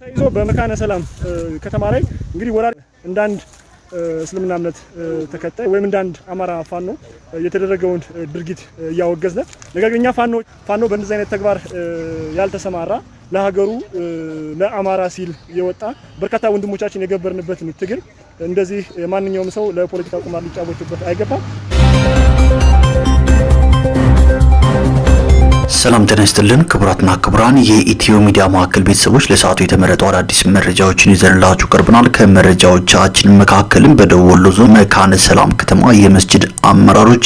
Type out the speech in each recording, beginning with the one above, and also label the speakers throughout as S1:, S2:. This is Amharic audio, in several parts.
S1: ተይዞ በመካነ ሰላም ከተማ ላይ እንግዲህ ወራ እንዳንድ እስልምና እምነት ተከታይ ወይም እንዳንድ አማራ ፋኖ የተደረገውን ድርጊት እያወገዝነ ነገር ግን እኛ ፋኖ ፋኖ በእንደዚህ አይነት ተግባር ያልተሰማራ ለሀገሩ ለአማራ ሲል የወጣ በርካታ ወንድሞቻችን የገበርንበትን ትግል እንደዚህ ማንኛውም ሰው ለፖለቲካ ቁማር ሊጫወትበት አይገባም።
S2: ሰላም ጤና ይስጥልን ክቡራትና ክቡራን የኢትዮ ሚዲያ ማዕከል ቤተሰቦች ለሰዓቱ የተመረጡ አዳዲስ መረጃዎችን ይዘንላችሁ ቀርበናል። ከመረጃዎቻችን መካከልም በደቡብ ወሎ ዞን መካነ ሰላም ከተማ የመስጅድ አመራሮች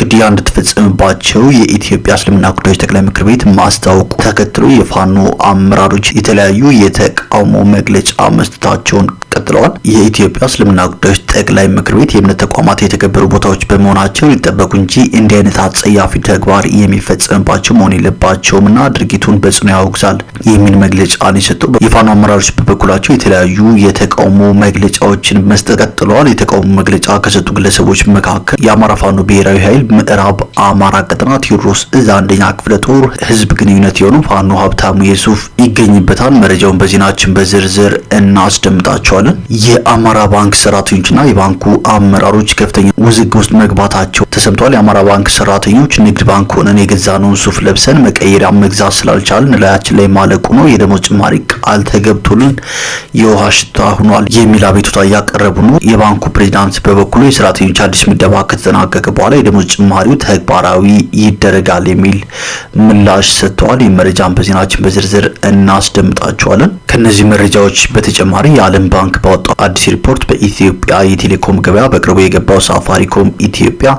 S2: ግድያ እንድትፈጸምባቸው የኢትዮጵያ እስልምና ጉዳዮች ጠቅላይ ምክር ቤት ማስታወቁ ተከትሎ የፋኖ አመራሮች የተለያዩ የተቃውሞ መግለጫ መስጠታቸውን ቀጥለዋል። የኢትዮጵያ እስልምና ጉዳዮች ጠቅላይ ምክር ቤት የእምነት ተቋማት የተከበሩ ቦታዎች በመሆናቸው ሊጠበቁ እንጂ እንዲህ አይነት አጸያፊ ተግባር የሚፈጸምባቸው መሆን የለባቸውም እና ድርጊቱን በጽኑ ያወግዛል የሚል መግለጫን የሰጡ የፋኖ አመራሮች በበኩላቸው የተለያዩ የተቃውሞ መግለጫዎችን መስጠት ቀጥለዋል። የተቃውሞ መግለጫ ከሰጡ ግለሰቦች መካከል የአማራ ፋኖ ብሔራዊ ኃይል ምዕራብ አማራ ቀጠና ቴዎድሮስ እዝ አንደኛ ክፍለ ጦር ህዝብ ግንኙነት የሆኑ ፋኖ ሀብታሙ የሱፍ ይገኝበታል። መረጃውን በዜናችን በዝርዝር እናስደምጣቸዋለን። የአማራ ባንክ ሰራተኞችና የባንኩ አመራሮች ከፍተኛ ውዝግብ ውስጥ መግባታቸው ተሰምተዋል። የአማራ ባንክ ሰራተኞች ንግድ ባንክ ሆነን የገዛነውን ሱፍ ሱፍ ለብሰን መቀየሪያ መግዛት ስላልቻልን ላያችን ላይ ማለቁ ነው፣ የደሞዝ ጭማሪ ቃል ተገብቶልን የውሃ ሽታ ሆኗል የሚል አቤቱታ እያቀረቡ ነው። የባንኩ ፕሬዚዳንት በበኩሉ የሰራተኞች አዲስ ምደባ ከተጠናቀቀ በኋላ የደሞዝ ጭማሪው ተግባራዊ ይደረጋል የሚል ምላሽ ሰጥተዋል። ይህ መረጃን በዜናችን በዝርዝር እናስደምጣቸዋለን። ከእነዚህ መረጃዎች በተጨማሪ የዓለም ባንክ ባወጣው አዲስ ሪፖርት በኢትዮጵያ የቴሌኮም ገበያ በቅርቡ የገባው ሳፋሪኮም ኢትዮጵያ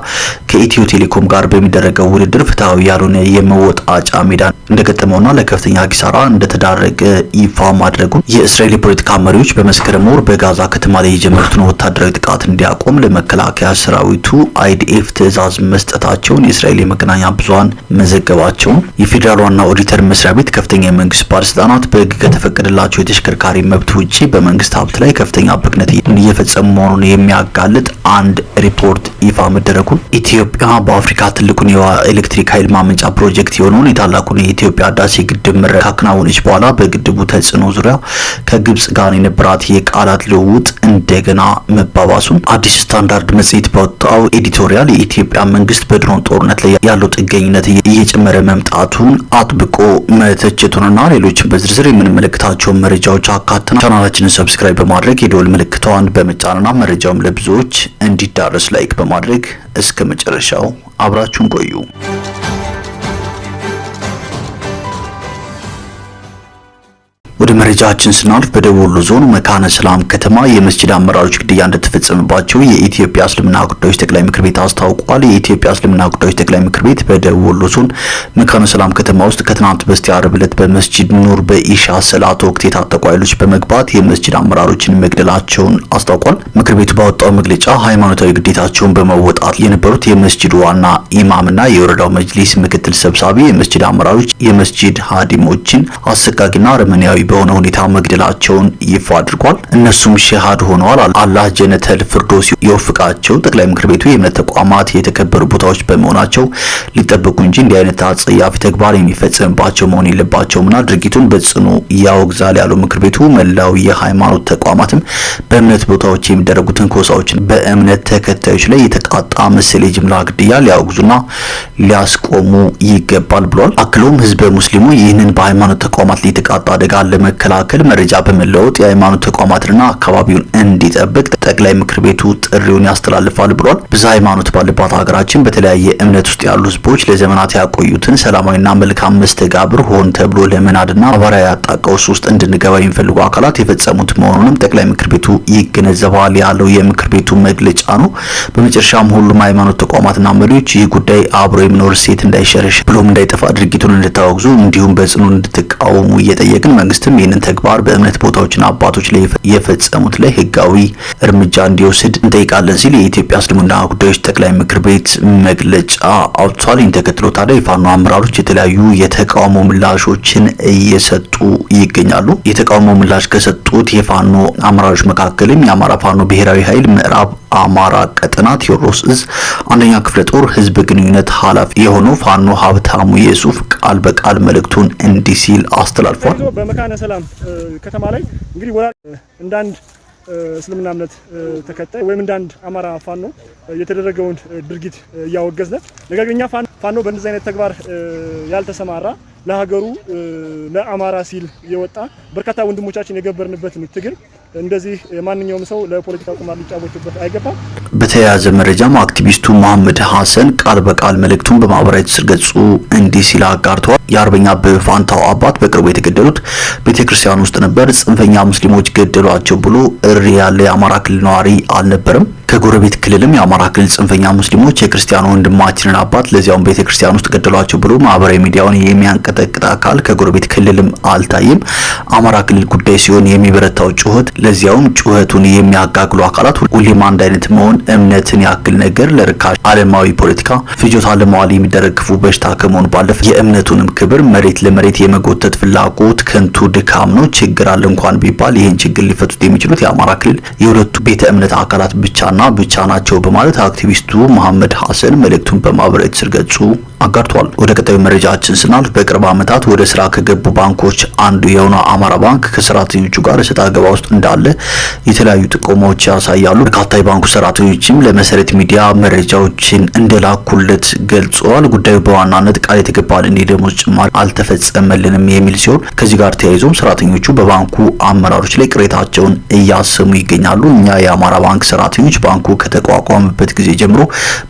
S2: ከኢትዮ ቴሌኮም ጋር በሚደረገው ውድድር ፍትሐዊ ያልሆነ መወጣጫ ሜዳ እንደገጠመውና ለከፍተኛ ኪሳራ እንደተዳረገ ይፋ ማድረጉን የእስራኤል የፖለቲካ መሪዎች በመስከረም ወር በጋዛ ከተማ ላይ የጀመሩትን ወታደራዊ ጥቃት እንዲያቆም ለመከላከያ ሰራዊቱ አይዲኤፍ ትዕዛዝ መስጠታቸውን የእስራኤል የመገናኛ ብዙሃን መዘገባቸውን የፌዴራል ዋና ኦዲተር መስሪያ ቤት ከፍተኛ የመንግስት ባለስልጣናት በህግ ከተፈቀደላቸው የተሽከርካሪ መብት ውጭ በመንግስት ሀብት ላይ ከፍተኛ ብክነት እየፈጸሙ መሆኑን የሚያጋልጥ አንድ ሪፖርት ይፋ መደረጉን ኢትዮጵያ በአፍሪካ ትልቁን የኤሌክትሪክ ኃይል ማመንጫ ፕሮጀክት ፕሮጀክት የሆነውን የታላቁን የኢትዮጵያ ህዳሴ ግድብ ምረቃ ካከናወነች በኋላ በግድቡ ተጽዕኖ ዙሪያ ከግብጽ ጋር የነበራት የቃላት ልውውጥ እንደገና መባባሱን አዲስ ስታንዳርድ መጽሔት በወጣው ኤዲቶሪያል የኢትዮጵያ መንግስት በድሮን ጦርነት ላይ ያለው ጥገኝነት እየጨመረ መምጣቱን አጥብቆ መተቸቱንና ሌሎችን በዝርዝር የምንመለከታቸውን መረጃዎች አካተናል። ቻናላችንን ሰብስክራይብ በማድረግ የደወል ምልክቷን በመጫንና መረጃውም ለብዙዎች እንዲዳረስ ላይክ በማድረግ እስከ መጨረሻው አብራችሁን ቆዩ። ወደ መረጃችን ስናልፍ በደቡብ ወሎ ዞን መካነ ሰላም ከተማ የመስጂድ አመራሮች ግድያ እንደተፈጸመባቸው የኢትዮጵያ እስልምና ጉዳዮች ጠቅላይ ምክር ቤት አስታውቋል። የኢትዮጵያ እስልምና ጉዳዮች ጠቅላይ ምክር ቤት በደቡብ ወሎ ዞን መካነ ሰላም ከተማ ውስጥ ከትናንት በስቲያ ዓርብ ዕለት በመስጂድ ኑር በኢሻ ሰላት ወቅት የታጠቁ ኃይሎች በመግባት የመስጂድ አመራሮችን መግደላቸውን አስታውቋል። ምክር ቤቱ ባወጣው መግለጫ ሃይማኖታዊ ግዴታቸውን በመወጣት የነበሩት የመስጂድ ዋና ኢማምና የወረዳው መጅሊስ ምክትል ሰብሳቢ የመስጂድ አመራሮች የመስጂድ ሀዲሞችን አሰቃቂና አረመኔያዊ በሆነ ሁኔታ መግደላቸውን ይፋ አድርጓል። እነሱም ሸሃድ ሆነዋል። አላህ ጀነተል ፍርዶስ የወፍቃቸው። ጠቅላይ ምክር ቤቱ የእምነት ተቋማት የተከበሩ ቦታዎች በመሆናቸው ሊጠበቁ እንጂ እንዲህ አይነት አጸያፊ ተግባር የሚፈጸምባቸው መሆን የለባቸውምና ድርጊቱን በጽኑ ያወግዛል ያለው ምክር ቤቱ መላው የሃይማኖት ተቋማትም በእምነት ቦታዎች የሚደረጉ ትንኮሳዎችን በእምነት ተከታዮች ላይ የተቃጣ ምስል የጅምላ ግድያ ሊያወግዙና ሊያስቆሙ ይገባል ብሏል። አክሎም ህዝበ ሙስሊሙ ይህንን በሃይማኖት ተቋማት ላይ የተቃጣ አደጋ አለ ለመከላከል መረጃ በመለወጥ የሃይማኖት ተቋማትንና አካባቢውን እንዲጠብቅ ጠቅላይ ምክር ቤቱ ጥሪውን ያስተላልፋል ብሏል። ብዙ ሃይማኖት ባለባት ሀገራችን በተለያየ እምነት ውስጥ ያሉ ህዝቦች ለዘመናት ያቆዩትን ሰላማዊና መልካም መስተጋብር ሆን ተብሎ ለመናድና ማህበራዊ ያጣ ቀውስ ውስጥ እንድንገባ የሚፈልጉ አካላት የፈጸሙት መሆኑንም ጠቅላይ ምክር ቤቱ ይገነዘባል ያለው የምክር ቤቱ መግለጫ ነው። በመጨረሻም ሁሉም ሃይማኖት ተቋማትና መሪዎች ይህ ጉዳይ አብሮ የመኖር ሴት እንዳይሸረሽ ብሎም እንዳይጠፋ ድርጊቱን እንድታወግዙ እንዲሁም በጽኑ እንድትቃወሙ እየጠየቅን መንግስትን መንግስትም ይህንን ተግባር በእምነት ቦታዎችና አባቶች ላይ የፈጸሙት ላይ ህጋዊ እርምጃ እንዲወስድ እንጠይቃለን ሲል የኢትዮጵያ እስልምና ጉዳዮች ጠቅላይ ምክር ቤት መግለጫ አውጥቷል። ይህን ተከትሎ ታዲያ የፋኖ አመራሮች የተለያዩ የተቃውሞ ምላሾችን እየሰጡ ይገኛሉ። የተቃውሞ ምላሽ ከሰጡት የፋኖ አመራሮች መካከልም የአማራ ፋኖ ብሔራዊ ኃይል ምዕራብ አማራ ቀጠና ቴዎድሮስ እዝ አንደኛ ክፍለ ጦር ህዝብ ግንኙነት ኃላፊ የሆነው ፋኖ ሀብታሙ የሱፍ ቃል በቃል መልእክቱን እንዲህ ሲል አስተላልፏል። በመካነ ሰላም ከተማ ላይ እንግዲህ ወላ እንዳንድ እስልምና እምነት ተከታይ ወይም እንዳንድ አማራ ፋኖ የተደረገውን ድርጊት እያወገዝነ ነገር ግን እኛ ፋኖ በእንደዚህ አይነት ተግባር ያልተሰማራ ለሀገሩ ለአማራ ሲል የወጣ በርካታ ወንድሞቻችን የገበርንበትን ትግል እንደዚህ ማንኛውም ሰው ለፖለቲካ ቁማር ሊጫወትበት አይገባም። በተያያዘ መረጃም አክቲቪስቱ መሐመድ ሀሰን ቃል በቃል መልእክቱን በማህበራዊ ትስስር ገጹ እንዲህ ሲል አጋርተዋል። የአርበኛ አበበ ፋንታው አባት በቅርቡ የተገደሉት ቤተክርስቲያን ውስጥ ነበር። ጽንፈኛ ሙስሊሞች ገደሏቸው ብሎ እሪ ያለ የአማራ ክልል ነዋሪ አልነበረም። ከጎረቤት ክልልም የአማራ ክልል ጽንፈኛ ሙስሊሞች የክርስቲያኑ ወንድማችንን አባት ለዚያውም ቤተክርስቲያን ውስጥ ገደሏቸው ብሎ ማህበራዊ ሚዲያውን የሚያንቀጠቅጥ አካል ከጎረቤት ክልልም አልታየም። አማራ ክልል ጉዳይ ሲሆን የሚበረታው ጩኸት፣ ለዚያውም ጩኸቱን የሚያጋግሉ አካላት ሁሌም አንድ አይነት መሆን እምነትን ያክል ነገር ለርካሽ አለማዊ ፖለቲካ ፍጆታ ለመዋል የሚደረግፉ በሽታ ከመሆን ባለፈ የእምነቱንም ክብር መሬት ለመሬት የመጎተት ፍላጎት ከንቱ ድካም ነው። ችግር አለ እንኳን ቢባል ይህን ችግር ሊፈቱት የሚችሉት የአማራ ክልል የሁለቱ ቤተ እምነት አካላት ብቻና ብቻ ናቸው በማለት አክቲቪስቱ መሐመድ ሐሰን መልእክቱን በማህበራዊ ትስስር ገጹ አጋርቷል። ወደ ቀጣዩ መረጃችን ስናልፍ በቅርብ ዓመታት ወደ ስራ ከገቡ ባንኮች አንዱ የሆነው አማራ ባንክ ከሰራተኞቹ ጋር እሰጥ አገባ ውስጥ እንዳለ የተለያዩ ጥቆማዎች ያሳያሉ። በርካታ የባንኩ ሰራተኞችም ለመሰረት ሚዲያ መረጃዎችን እንደላኩለት ገልጸዋል። ጉዳዩ በዋናነት ቃል የተገባልን የደሞዝ ጭማሪ አልተፈጸመልንም የሚል ሲሆን ከዚህ ጋር ተያይዞም ሰራተኞቹ በባንኩ አመራሮች ላይ ቅሬታቸውን እያሰሙ ይገኛሉ። እኛ የአማራ ባንክ ሰራተኞች ባንኩ ከተቋቋመበት ጊዜ ጀምሮ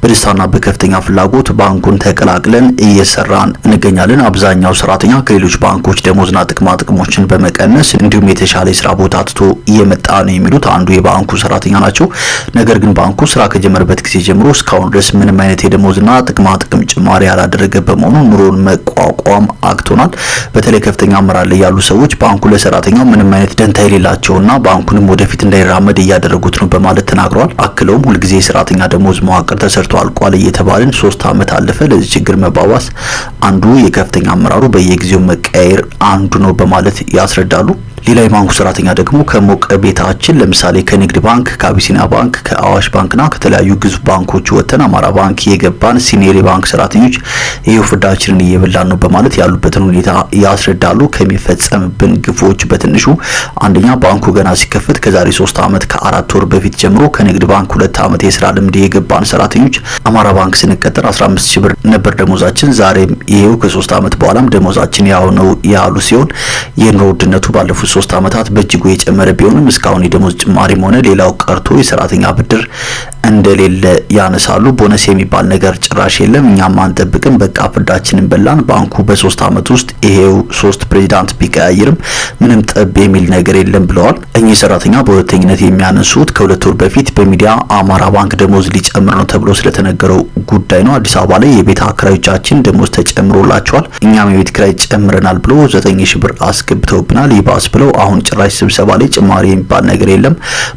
S2: በደስታና በከፍተኛ ፍላጎት ባንኩን ተቀላ ተቀላቅለን እየሰራን እንገኛለን። አብዛኛው ሰራተኛ ከሌሎች ባንኮች ደሞዝና ጥቅማ ጥቅሞችን በመቀነስ እንዲሁም የተሻለ የስራ ቦታ ትቶ እየመጣ ነው የሚሉት አንዱ የባንኩ ሰራተኛ ናቸው። ነገር ግን ባንኩ ስራ ከጀመረበት ጊዜ ጀምሮ እስካሁን ድረስ ምንም አይነት የደሞዝና ጥቅማ ጥቅም ጭማሪ ያላደረገ በመሆኑ ኑሮን መቋቋም አቅቶናል። በተለይ ከፍተኛ አመራር ላይ ያሉ ሰዎች ባንኩ ለሰራተኛው ምንም አይነት ደንታ የሌላቸውና ባንኩንም ወደፊት እንዳይራመድ እያደረጉት ነው በማለት ተናግረዋል። አክለውም ሁልጊዜ የሰራተኛ ደሞዝ መዋቅር ተሰርቶ አልቋል እየተባልን ሶስት አመት አለፈ ለዚህ ችግር ችግር መባባስ አንዱ የከፍተኛ አመራሩ በየጊዜው መቀያየር አንዱ ነው በማለት ያስረዳሉ። ሌላ የባንኩ ሰራተኛ ደግሞ ከሞቀ ቤታችን ለምሳሌ ከንግድ ባንክ፣ ከአቢሲኒያ ባንክ፣ ከአዋሽ ባንክና ከተለያዩ ግዙፍ ባንኮች ወጥተን አማራ ባንክ የገባን ሲኒየር የባንክ ሰራተኞች ይህ ፍዳችንን እየበላን ነው በማለት ያሉበትን ሁኔታ ያስረዳሉ። ከሚፈጸምብን ግፎች በትንሹ አንደኛ ባንኩ ገና ሲከፈት ከዛሬ ሶስት አመት ከአራት ወር በፊት ጀምሮ ከንግድ ባንክ ሁለት አመት የስራ ልምድ የገባን ሰራተኞች አማራ ባንክ ስንቀጠር 15 ሺህ ብር ነበር ደሞዛችን ዛሬም ይሄው ከሶስት ዓመት በኋላም ደሞዛችን ያው ነው ያሉ ሲሆን የኑሮ ውድነቱ ባለፉት ሶስት ዓመታት በእጅጉ የጨመረ ቢሆንም እስካሁን የደሞዝ ጭማሪም ሆነ ሌላው ቀርቶ የሰራተኛ ብድር እንደሌለ ያነሳሉ። ቦነስ የሚባል ነገር ጭራሽ የለም፣ እኛም አንጠብቅም፣ በቃ ፍዳችንን በላን። ባንኩ በሶስት ዓመት ውስጥ ይሄው ሶስት ፕሬዚዳንት ቢቀያይርም ምንም ጠብ የሚል ነገር የለም ብለዋል። እኚህ ሰራተኛ በሁለተኝነት የሚያነሱት ከሁለት ወር በፊት በሚዲያ አማራ ባንክ ደሞዝ ሊጨምር ነው ተብሎ ስለተነገረው ጉዳይ ነው። አዲስ አበባ ላይ የቤት አከራይ ተከራዮቻችን ደሞዝ ተጨምሮላቸዋል፣ እኛም የቤት ክራይ ጨምረናል ብሎ ዘጠኝ ብር አስገብተውብናል ይባስ ብለው አሁን ጭራሽ ስብሰባ ላይ ጭማሪ የሚባል ነገር የለም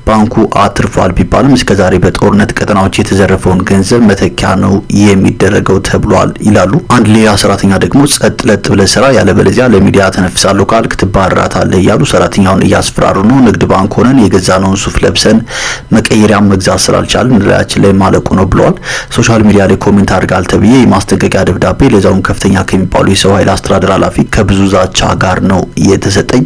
S2: ባንኩ አትርፏል ቢባልም እስከዛሬ በጦርነት ቀጠናዎች የተዘረፈውን ገንዘብ መተኪያ ነው የሚደረገው ተብሏል ይላሉ። አንድ ሌላ ሰራተኛ ደግሞ ጸጥ ለጥ ስራ ያለበለዚያ ለሚዲያ ተነፍሳለሁ ካልክ ትባረራታለህ እያሉ ሰራተኛውን እያስፈራሩ ነው። ንግድ ባንክ ሆነን የገዛነውን ሱፍ ለብሰን መቀየሪያ መግዛት ስላልቻልን ላያችን ላይ ማለቁ ነው ብለዋል። ሶሻል ሚዲያ ላይ ኮሜንት አድርጋል ተብዬ የማስተ የማስጠንቀቂያ ደብዳቤ ለዛውን ከፍተኛ ከሚባሉ የሰው ኃይል አስተዳደር ኃላፊ ከብዙ ዛቻ ጋር ነው የተሰጠኝ።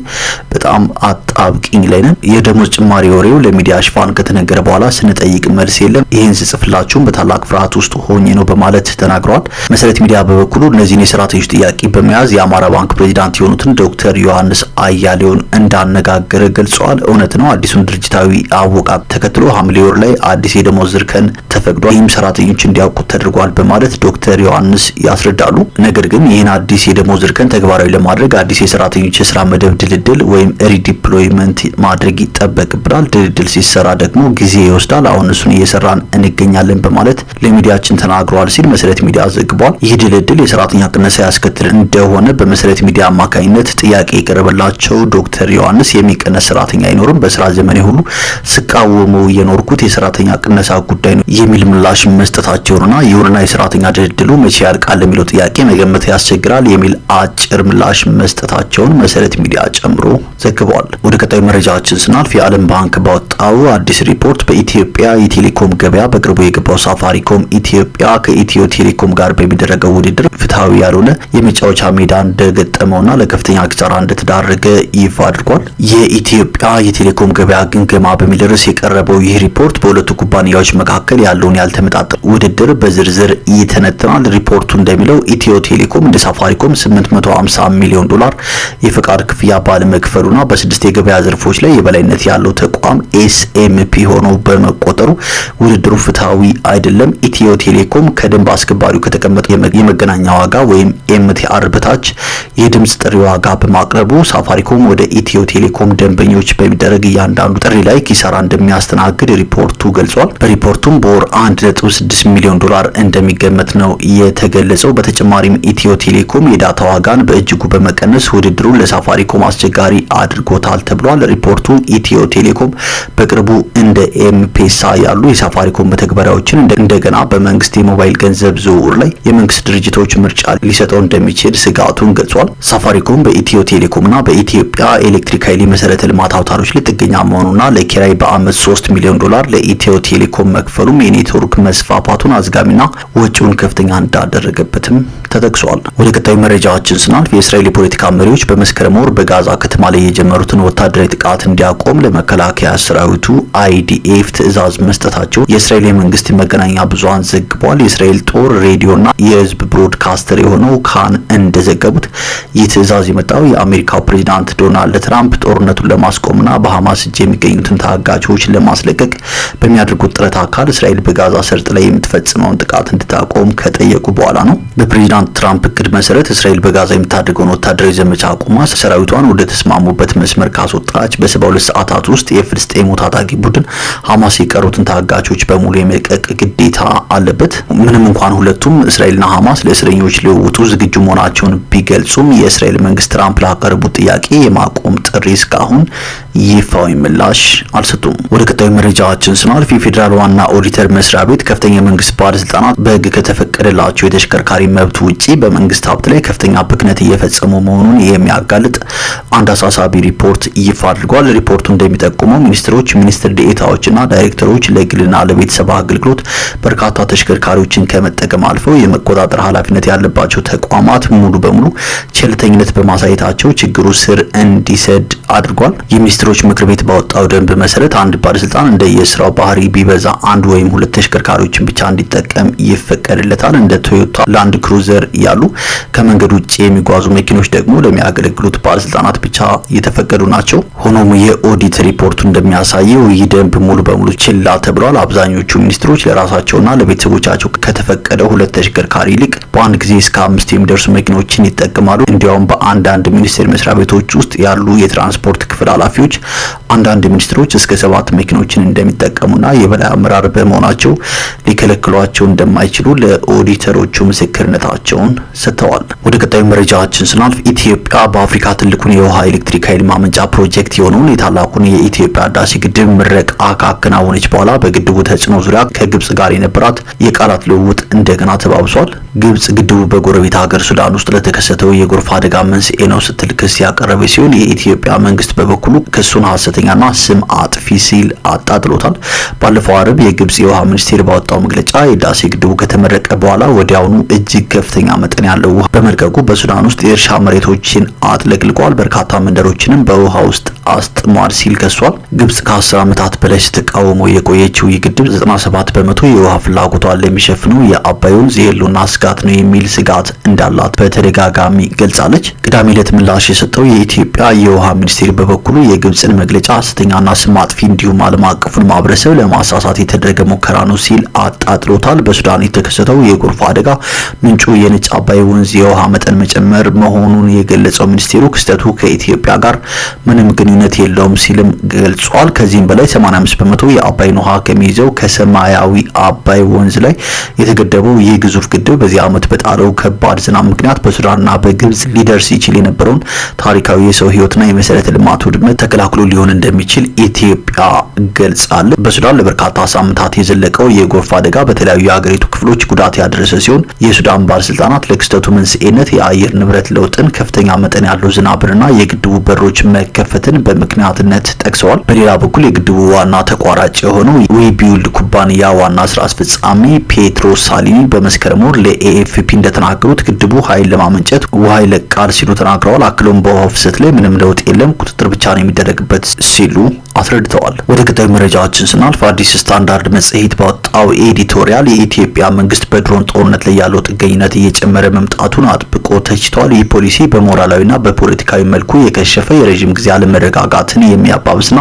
S2: በጣም አጣብቂኝ ላይ ነን። የደሞዝ ጭማሪ ወሬው ለሚዲያ ሽፋን ከተነገረ በኋላ ስንጠይቅ መልስ የለም። ይህን ስጽፍላችሁም በታላቅ ፍርሃት ውስጥ ሆኜ ነው በማለት ተናግረዋል። መሰረት ሚዲያ በበኩሉ እነዚህን የሰራተኞች ጥያቄ በመያዝ የአማራ ባንክ ፕሬዚዳንት የሆኑትን ዶክተር ዮሐንስ አያሌውን እንዳነጋገረ ገልጸዋል። እውነት ነው። አዲሱን ድርጅታዊ አወቃ ተከትሎ ሐምሌ ወር ላይ አዲስ የደሞዝ ዝርከን ተፈቅዷል። ይህም ሰራተኞች እንዲያውቁት ተደርጓል በማለት ዶክተር ዮሐንስ ያስረዳሉ። ነገር ግን ይህን አዲስ የደሞዝ እርከን ተግባራዊ ለማድረግ አዲስ የሰራተኞች የስራ መደብ ድልድል ወይም ሪዲፕሎይመንት ማድረግ ይጠበቅብናል። ድልድል ሲሰራ ደግሞ ጊዜ ይወስዳል። አሁን እሱን እየሰራን እንገኛለን በማለት ለሚዲያችን ተናግሯል ሲል መሰረት ሚዲያ ዘግቧል። ይህ ድልድል የሰራተኛ ቅነሳ ያስከትል እንደሆነ በመሰረት ሚዲያ አማካኝነት ጥያቄ የቀረበላቸው ዶክተር ዮሐንስ የሚቀነስ ሰራተኛ አይኖርም፣ በስራ ዘመኔ ሁሉ ስቃወሙ የኖርኩት የሰራተኛ ቅነሳ ጉዳይ ነው የሚል ምላሽ መስጠታቸውንና ይሁንና የሰራተኛ ድልድሉ መቼ ያልቃል የሚለው ጥያቄ መገመት ያስቸግራል የሚል አጭር ምላሽ መስጠታቸውን መሰረት ሚዲያ ጨምሮ ዘግቧል። ወደ ቀጣዩ መረጃዎችን ስናልፍ የዓለም ባንክ ባወጣው አዲስ ሪፖርት በኢትዮጵያ የቴሌኮም ገበያ በቅርቡ የገባው ሳፋሪኮም ኢትዮጵያ ከኢትዮ ቴሌኮም ጋር በሚደረገው ውድድር ፍትሐዊ ያልሆነ የመጫወቻ ሜዳ እንደገጠመውና ለከፍተኛ ኪሳራ እንደተዳረገ ይፋ አድርጓል። የኢትዮጵያ የቴሌኮም ገበያ ግምገማ በሚል ርዕስ የቀረበው ይህ ሪፖርት በሁለቱ ኩባንያዎች መካከል ያለውን ያልተመጣጠ ውድድር በዝርዝር ይተነትናል። ሪፖርቱ እንደሚለው ኢትዮ ቴሌኮም እንደ ሳፋሪኮም 850 ሚሊዮን ዶላር የፈቃድ ክፍያ ባለመክፈሉና በስድስት የገበያ ዘርፎች ላይ የበላይነት ያለው ተቋም ኤስኤምፒ ሆኖ በመቆጠሩ ውድድሩ ፍትሐዊ አይደለም። ኢትዮ ቴሌኮም ከደንብ አስከባሪው ከተቀመጠ የመገናኛ ዋጋ ወይም ኤምቲአር በታች የድምጽ ጥሪ ዋጋ በማቅረቡ ሳፋሪኮም ወደ ኢትዮ ቴሌኮም ደንበኞች በሚደረግ እያንዳንዱ ጥሪ ላይ ኪሳራ እንደሚያስተናግድ ሪፖርቱ ገልጿል። በሪፖርቱም በወር 1.6 ሚሊዮን ዶላር እንደሚገመት ነው የተገለጸው። በተጨማሪም ኢትዮ ቴሌኮም የዳታ ዋጋን በእጅጉ በመቀነስ ውድድሩን ለሳፋሪኮም አስቸጋሪ አድርጎታል ተብሏል። ሪፖርቱ ኢትዮ ቴሌኮም በቅርቡ እንደ ኤምፔሳ ያሉ የሳፋሪኮም መተግበሪያዎችን እንደገና በመንግስት የሞባይል ገንዘብ ዝውውር ላይ የመንግስት ድርጅቶች ምርጫ ሊሰጠው እንደሚችል ስጋቱን ገልጿል። ሳፋሪኮም በኢትዮ ቴሌኮምና በኢትዮጵያ ኤሌክትሪክ ኃይል መሰረተ ልማት አውታሮች ላይ ጥገኛ መሆኑና ለኪራይ በአመት 3 ሚሊዮን ዶላር ለኢትዮ ቴሌኮም መክፈሉም የኔትወርክ መስፋፋቱን አዝጋሚና ወጪውን ከፍተኛ እንዳደረገበትም ተጠቅሷል። ወደ ቀጣዩ መረጃዎችን ስናልፍ የእስራኤል የፖለቲካ መሪዎች በመስከረም ወር በጋዛ ከተማ ላይ የጀመሩትን ወታደራዊ ጥቃት እንዲያቆም ለመከላከያ ሰራዊቱ አይዲኤፍ ትዕዛዝ መስጠታቸው የእስራኤል የመንግስት መገናኛ ብዙሃን ዘግቧል። የእስራኤል ጦር ሬዲዮና የህዝብ ብሮድካስተር የሆነው ካን እንደዘገቡት ይህ ትዕዛዝ የመጣው የአሜሪካው ፕሬዚዳንት ዶናልድ ትራምፕ ጦርነቱን ለማስቆምና በሐማስ እጅ የሚገኙትን ታጋቾች ለማስለቀቅ በሚያደርጉት ጥረት አካል እስራኤል በጋዛ ሰርጥ ላይ የምትፈጽመውን ጥቃት እንድታቆም ከጠየቁ ካስታወቁ በኋላ ነው። በፕሬዚዳንት ትራምፕ እቅድ መሰረት እስራኤል በጋዛ የምታደርገውን ወታደራዊ ዘመቻ አቁማ ሰራዊቷን ወደ ተስማሙበት መስመር ካስወጣች በ72 ሰዓታት ውስጥ የፍልስጤሙ ታጣቂ ቡድን ሐማስ የቀሩትን ታጋቾች በሙሉ የመልቀቅ ግዴታ አለበት። ምንም እንኳን ሁለቱም እስራኤልና ሐማስ ለእስረኞች ሊወጡ ዝግጁ መሆናቸውን ቢገልጹም የእስራኤል መንግስት ትራምፕ ላቀረቡት ጥያቄ የማቆም ጥሪ እስካሁን ይፋዊ ምላሽ አልሰጡም። ወደ ቀጣዩ መረጃዎችን ስናልፍ የፌዴራል ዋና ኦዲተር መስሪያ ቤት ከፍተኛ የመንግስት ባለስልጣናት በህግ ከተፈቀደላቸው ካላቸው የተሽከርካሪ መብት ውጪ በመንግስት ሀብት ላይ ከፍተኛ ብክነት እየፈጸሙ መሆኑን የሚያጋልጥ አንድ አሳሳቢ ሪፖርት ይፋ አድርጓል። ሪፖርቱ እንደሚጠቁመው ሚኒስትሮች፣ ሚኒስትር ዴኤታዎችና ዳይሬክተሮች ለግልና ለቤተሰብ አገልግሎት በርካታ ተሽከርካሪዎችን ከመጠቀም አልፈው የመቆጣጠር ኃላፊነት ያለባቸው ተቋማት ሙሉ በሙሉ ቸልተኝነት በማሳየታቸው ችግሩ ስር እንዲሰድ አድርጓል። የሚኒስትሮች ምክር ቤት ባወጣው ደንብ መሰረት አንድ ባለስልጣን እንደ የስራው ባህሪ ቢበዛ አንድ ወይም ሁለት ተሽከርካሪዎችን ብቻ እንዲጠቀም ይፈቀድለታል። እንደ ቶዮታ ላንድ ክሩዘር ያሉ ከመንገድ ውጭ የሚጓዙ መኪኖች ደግሞ ለሚያገለግሉት ባለስልጣናት ብቻ የተፈቀዱ ናቸው። ሆኖም የኦዲት ሪፖርቱ እንደሚያሳየው ይህ ደንብ ሙሉ በሙሉ ችላ ተብሏል። አብዛኞቹ ሚኒስትሮች ለራሳቸውና ለቤተሰቦቻቸው ከተፈቀደ ሁለት ተሽከርካሪ ይልቅ በአንድ ጊዜ እስከ አምስት የሚደርሱ መኪኖችን ይጠቀማሉ። እንዲያውም በአንዳንድ ሚኒስቴር መስሪያ ቤቶች ውስጥ ያሉ የትራንስፖርት ክፍል ኃላፊዎች አንዳንድ ሚኒስትሮች እስከ ሰባት መኪኖችን እንደሚጠቀሙና የበላይ አመራር በመሆናቸው ሊከለክሏቸው እንደማይችሉ ለኦዲት ኦዲተሮቹ ምስክርነታቸውን ሰጥተዋል። ወደ ቀጣዩ መረጃችን ስናልፍ ኢትዮጵያ በአፍሪካ ትልቁን የውሃ ኤሌክትሪክ ኃይል ማመንጫ ፕሮጀክት የሆነውን የታላቁን የኢትዮጵያ ህዳሴ ግድብ ምረቃ ካከናወነች በኋላ በግድቡ ተጽዕኖ ዙሪያ ከግብጽ ጋር የነበራት የቃላት ልውውጥ እንደገና ተባብሷል። ግብጽ ግድቡ በጎረቤት ሀገር ሱዳን ውስጥ ለተከሰተው የጎርፍ አደጋ መንስኤ ነው ስትል ክስ ያቀረበ ሲሆን የኢትዮጵያ መንግስት በበኩሉ ክሱን ሀሰተኛና ስም አጥፊ ሲል አጣጥሎታል። ባለፈው አርብ የግብጽ የውሃ ሚኒስቴር ባወጣው መግለጫ የህዳሴ ግድቡ ከተመረቀ በኋላ ወዲያውኑ እጅግ ከፍተኛ መጠን ያለው ውሃ በመልቀቁ በሱዳን ውስጥ የእርሻ መሬቶችን አጥለቅልቋል፣ በርካታ መንደሮችንም በውሃ ውስጥ አስጥሟል ሲል ከሷል። ግብጽ ከአስር ዓመታት በላይ ስትቃወሙ የቆየችው ይህ ግድብ 97 በመቶ የውሃ ፍላጎቷን የሚሸፍነው የአባይ ወንዝ የህልውና ስጋት ነው የሚል ስጋት እንዳላት በተደጋጋሚ ገልጻለች። ቅዳሜ ዕለት ምላሽ የሰጠው የኢትዮጵያ የውሃ ሚኒስቴር በበኩሉ የግብጽን መግለጫ ሐሰተኛና ስም አጥፊ እንዲሁም ዓለም አቀፉን ማህበረሰብ ለማሳሳት የተደረገ ሙከራ ነው ሲል አጣጥሎታል። በሱዳን የተከሰተው የጎርፍ አደጋ ምንጩ የነጭ አባይ ወንዝ የውሃ መጠን መጨመር መሆኑን የገለጸው ሚኒስቴሩ ክስተቱ ከኢትዮጵያ ጋር ምንም ግንኙነት የለውም ሲልም ገልጿል። ከዚህም በላይ 85 በመቶ የአባይን ውሃ ከሚይዘው ከሰማያዊ አባይ ወንዝ ላይ የተገደበው ይህ ግዙፍ ግድብ በዚህ ዓመት በጣለው ከባድ ዝናብ ምክንያት በሱዳንና በግብጽ ሊደርስ ይችል የነበረውን ታሪካዊ የሰው ህይወትና የመሰረተ ልማት ውድመት ተከላክሎ ሊሆን እንደሚችል ኢትዮጵያ ገልጻለች። በሱዳን ለበርካታ ሳምንታት የዘለቀው የጎርፍ አደጋ በተለያዩ የሀገሪቱ ክፍሎች ጉዳት ያደረሰ ሲሆን የሱዳን ባለስልጣናት ለክስተቱ መንስኤነት የአየር ንብረት ለውጥን፣ ከፍተኛ መጠን ያለው ዝናብንና የግድቡ በሮች መከፈትን በምክንያትነት ጠቅሰዋል። በሌላ በኩል የግድቡ ዋና ተቋራጭ የሆነው ዊቢውልድ ኩባንያ ዋና ስራ አስፈጻሚ ፔትሮ ሳሊኒ በመስከረም ወር ለኤኤፍፒ እንደተናገሩት ግድቡ ኃይል ለማመንጨት ውሃ ይለቃል ሲሉ ተናግረዋል። አክሎም በውሃ ፍሰት ላይ ምንም ለውጥ የለም፣ ቁጥጥር ብቻ ነው የሚደረግበት ሲሉ አስረድተዋል። ወደ ቀጣዩ መረጃዎችን ስናልፍ አዲስ ስታንዳርድ መጽሔት ባወጣው ኤዲቶሪያል የኢትዮጵያ መንግስት በድሮን ጦር ጦርነት ላይ ያለው ጥገኝነት እየጨመረ መምጣቱን አጥብቆ ተችቷል። ይህ ፖሊሲ በሞራላዊና በፖለቲካዊ መልኩ የከሸፈ የረዥም ጊዜ አለመረጋጋትን የሚያባብስና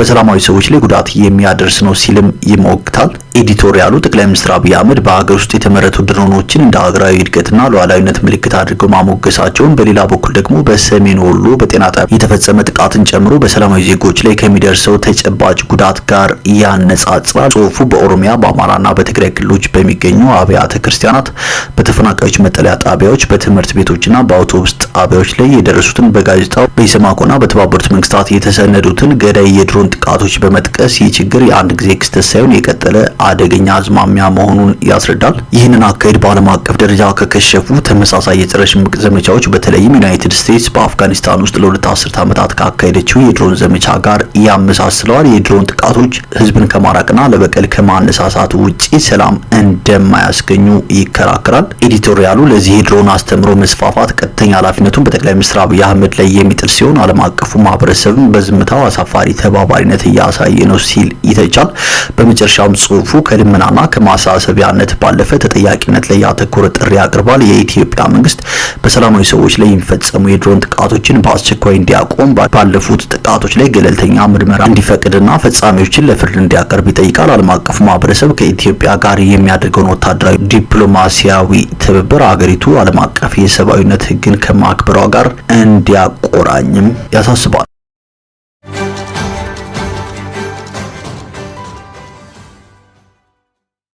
S2: በሰላማዊ ሰዎች ላይ ጉዳት የሚያደርስ ነው ሲልም ይሞግታል። ኤዲቶሪያሉ ጠቅላይ ሚኒስትር አብይ አህመድ በሀገር ውስጥ የተመረቱ ድሮኖችን እንደ ሀገራዊ እድገትና ሉዓላዊነት ምልክት አድርገው ማሞገሳቸውን፣ በሌላ በኩል ደግሞ በሰሜን ወሎ በጤና ጣቢያ የተፈጸመ ጥቃትን ጨምሮ በሰላማዊ ዜጎች ላይ ከሚደርሰው ተጨባጭ ጉዳት ጋር ያነጻጽራል። ጽሁፉ በኦሮሚያ በአማራና በትግራይ ክልሎች በሚገኙ አብያተ ክርስቲያን ህጻናት በተፈናቃዮች መጠለያ ጣቢያዎች፣ በትምህርት ቤቶችና በአውቶቡስ ጣቢያዎች ላይ የደረሱትን በጋዜጣው በኢሰማኮና በተባበሩት መንግስታት የተሰነዱትን ገዳይ የድሮን ጥቃቶች በመጥቀስ ይህ ችግር የአንድ ጊዜ ክስተት ሳይሆን የቀጠለ አደገኛ አዝማሚያ መሆኑን ያስረዳል። ይህንን አካሄድ በዓለም አቀፍ ደረጃ ከከሸፉ ተመሳሳይ የጸረ ሽምቅ ዘመቻዎች በተለይም ዩናይትድ ስቴትስ በአፍጋኒስታን ውስጥ ለሁለት አስርት ዓመታት ካካሄደችው የድሮን ዘመቻ ጋር ያመሳስለዋል። የድሮን ጥቃቶች ህዝብን ከማራቅና ለበቀል ከማነሳሳት ውጪ ሰላም እንደማያስገኙ ይከራከራል። ኤዲቶሪያሉ ለዚህ የድሮን አስተምሮ መስፋፋት ቀጥተኛ ኃላፊነቱን በጠቅላይ ሚኒስትር አብይ አህመድ ላይ የሚጥል ሲሆን ዓለም አቀፉ ማህበረሰብም በዝምታው አሳፋሪ ተባባሪነት እያሳየ ነው ሲል ይተቻል። በመጨረሻም ጽሁፉ ከልመናና ከማሳሰቢያነት ባለፈ ተጠያቂነት ላይ ያተኮረ ጥሪ አቅርቧል። የኢትዮጵያ መንግስት በሰላማዊ ሰዎች ላይ የሚፈጸሙ የድሮን ጥቃቶችን በአስቸኳይ እንዲያቆም፣ ባለፉት ጥቃቶች ላይ ገለልተኛ ምርመራ እንዲፈቅድና ፈጻሚዎችን ለፍርድ እንዲያቀርብ ይጠይቃል። ዓለም አቀፉ ማህበረሰብ ከኢትዮጵያ ጋር የሚያደርገውን ወታደራዊ ዲፕሎ ዲፕሎማሲያዊ ትብብር አገሪቱ ዓለም አቀፍ የሰብአዊነት ሕግን ከማክበሯ ጋር እንዲያቆራኝም ያሳስባል።